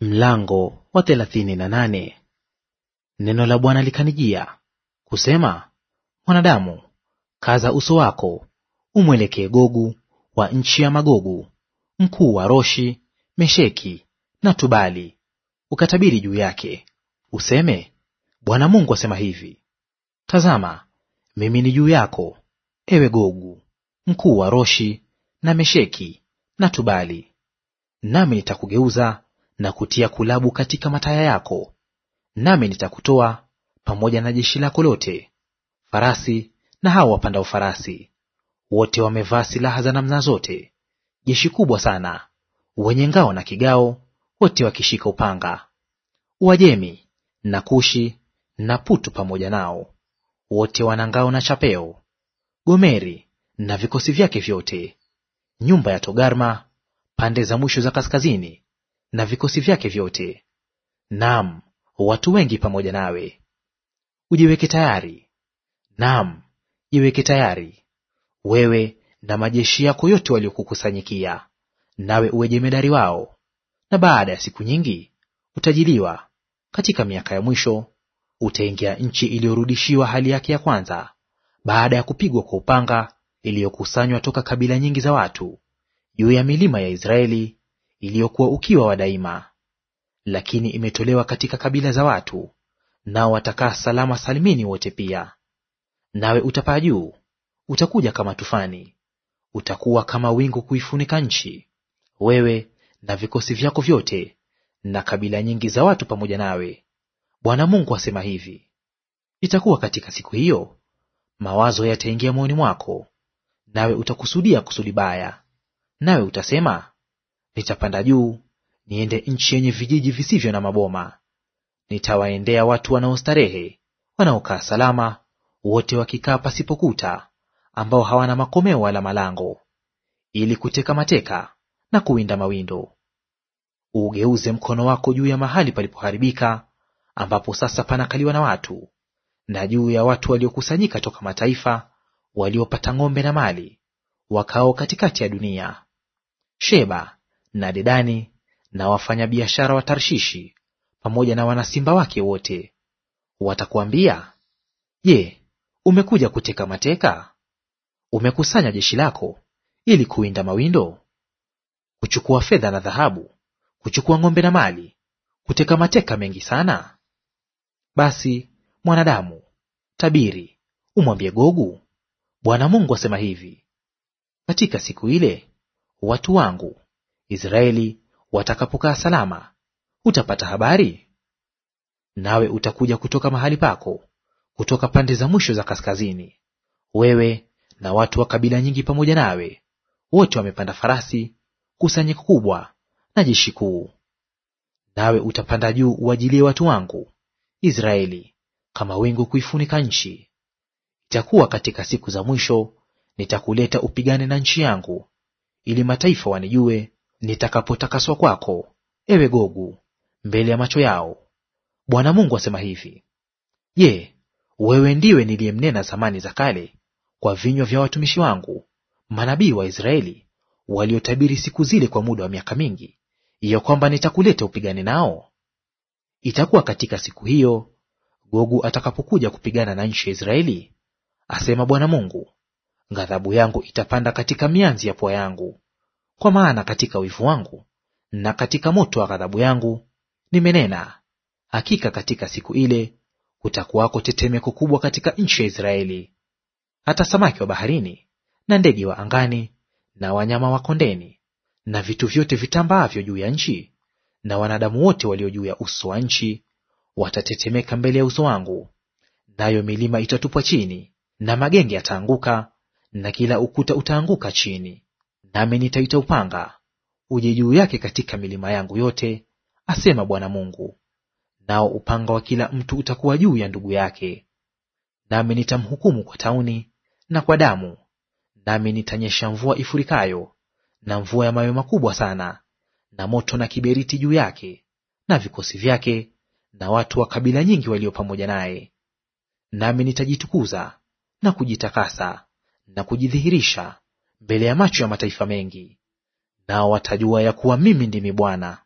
Mlango wa thelathini na nane. Neno la Bwana likanijia kusema, mwanadamu, kaza uso wako umwelekee Gogu wa nchi ya Magogu, mkuu wa Roshi, Mesheki na Tubali, ukatabiri juu yake useme, Bwana Mungu asema hivi: Tazama, mimi ni juu yako, ewe Gogu, mkuu wa Roshi na Mesheki na Tubali, nami nitakugeuza na kutia kulabu katika mataya yako, nami nitakutoa pamoja na jeshi lako lote, farasi na hao wapandao farasi wote wamevaa silaha za namna zote, jeshi kubwa sana, wenye ngao na kigao, wote wakishika upanga. Uajemi na Kushi na Putu pamoja nao, wote wana ngao na chapeo. Gomeri na vikosi vyake vyote, nyumba ya Togarma pande za mwisho za kaskazini na vikosi vyake vyote, naam, watu wengi pamoja nawe. Ujiweke tayari, naam, jiweke tayari, wewe na majeshi yako yote waliokukusanyikia, nawe uwe jemedari wao. Na baada ya siku nyingi utajiliwa, katika miaka ya mwisho utaingia nchi iliyorudishiwa hali yake ya kwanza, baada ya kupigwa kwa upanga, iliyokusanywa toka kabila nyingi za watu juu ya milima ya Israeli iliyokuwa ukiwa wa daima, lakini imetolewa katika kabila za watu, nao watakaa salama salimini wote pia. Nawe utapaa juu, utakuja kama tufani, utakuwa kama wingu kuifunika nchi, wewe na vikosi vyako vyote na kabila nyingi za watu pamoja nawe. Bwana Mungu asema hivi: Itakuwa katika siku hiyo, mawazo yataingia moyoni mwako, nawe utakusudia kusudi baya, nawe utasema Nitapanda juu niende nchi yenye vijiji visivyo na maboma. Nitawaendea watu wanaostarehe, wanaokaa salama, wote wakikaa pasipokuta, ambao hawana makomeo wala malango, ili kuteka mateka na kuwinda mawindo. Ugeuze mkono wako juu ya mahali palipoharibika, ambapo sasa panakaliwa na watu, na juu ya watu waliokusanyika toka mataifa, waliopata ng'ombe na mali, wakao katikati ya dunia. Sheba na Dedani na wafanyabiashara wa Tarshishi pamoja na wanasimba wake wote. Watakuambia, Je, umekuja kuteka mateka? Umekusanya jeshi lako ili kuwinda mawindo? Kuchukua fedha na dhahabu, kuchukua ng'ombe na mali, kuteka mateka mengi sana? Basi mwanadamu, tabiri, umwambie Gogu, Bwana Mungu asema hivi: Katika siku ile watu wangu Israeli watakapokaa salama, utapata habari? Nawe utakuja kutoka mahali pako, kutoka pande za mwisho za kaskazini, wewe na watu wa kabila nyingi pamoja nawe, wote wamepanda farasi, kusanyiko kubwa na jeshi kuu. Nawe utapanda juu uajilie watu wangu Israeli kama wingu kuifunika nchi. Itakuwa katika siku za mwisho nitakuleta upigane na nchi yangu, ili mataifa wanijue nitakapotakaswa kwako, ewe Gogu, mbele ya macho yao. Bwana Mungu asema hivi: Je, wewe ndiwe niliyemnena zamani za kale kwa vinywa vya watumishi wangu manabii wa Israeli waliotabiri siku zile kwa muda wa miaka mingi, ya kwamba nitakuleta upigane nao? Itakuwa katika siku hiyo Gogu atakapokuja kupigana na nchi ya Israeli, asema Bwana Mungu, ghadhabu yangu itapanda katika mianzi ya pua yangu, kwa maana katika wivu wangu na katika moto wa ghadhabu yangu nimenena; hakika katika siku ile kutakuwako tetemeko kubwa katika nchi ya Israeli. Hata samaki wa baharini na ndege wa angani na wanyama wa kondeni na vitu vyote vitambaavyo juu ya nchi na wanadamu wote walio juu ya uso wa nchi watatetemeka mbele ya uso wangu. Nayo milima itatupwa chini na magenge yataanguka na kila ukuta utaanguka chini nami nitaita upanga uje juu yake katika milima yangu yote, asema Bwana Mungu. Nao upanga wa kila mtu utakuwa juu ya ndugu yake. Nami nitamhukumu kwa tauni na kwa damu, nami nitanyesha mvua ifurikayo na mvua ya mawe makubwa sana, na moto na kiberiti juu yake na vikosi vyake na watu wa kabila nyingi walio pamoja naye. Nami nitajitukuza na kujitakasa na kujidhihirisha mbele ya macho ya mataifa mengi, nao watajua ya kuwa mimi ndimi Bwana.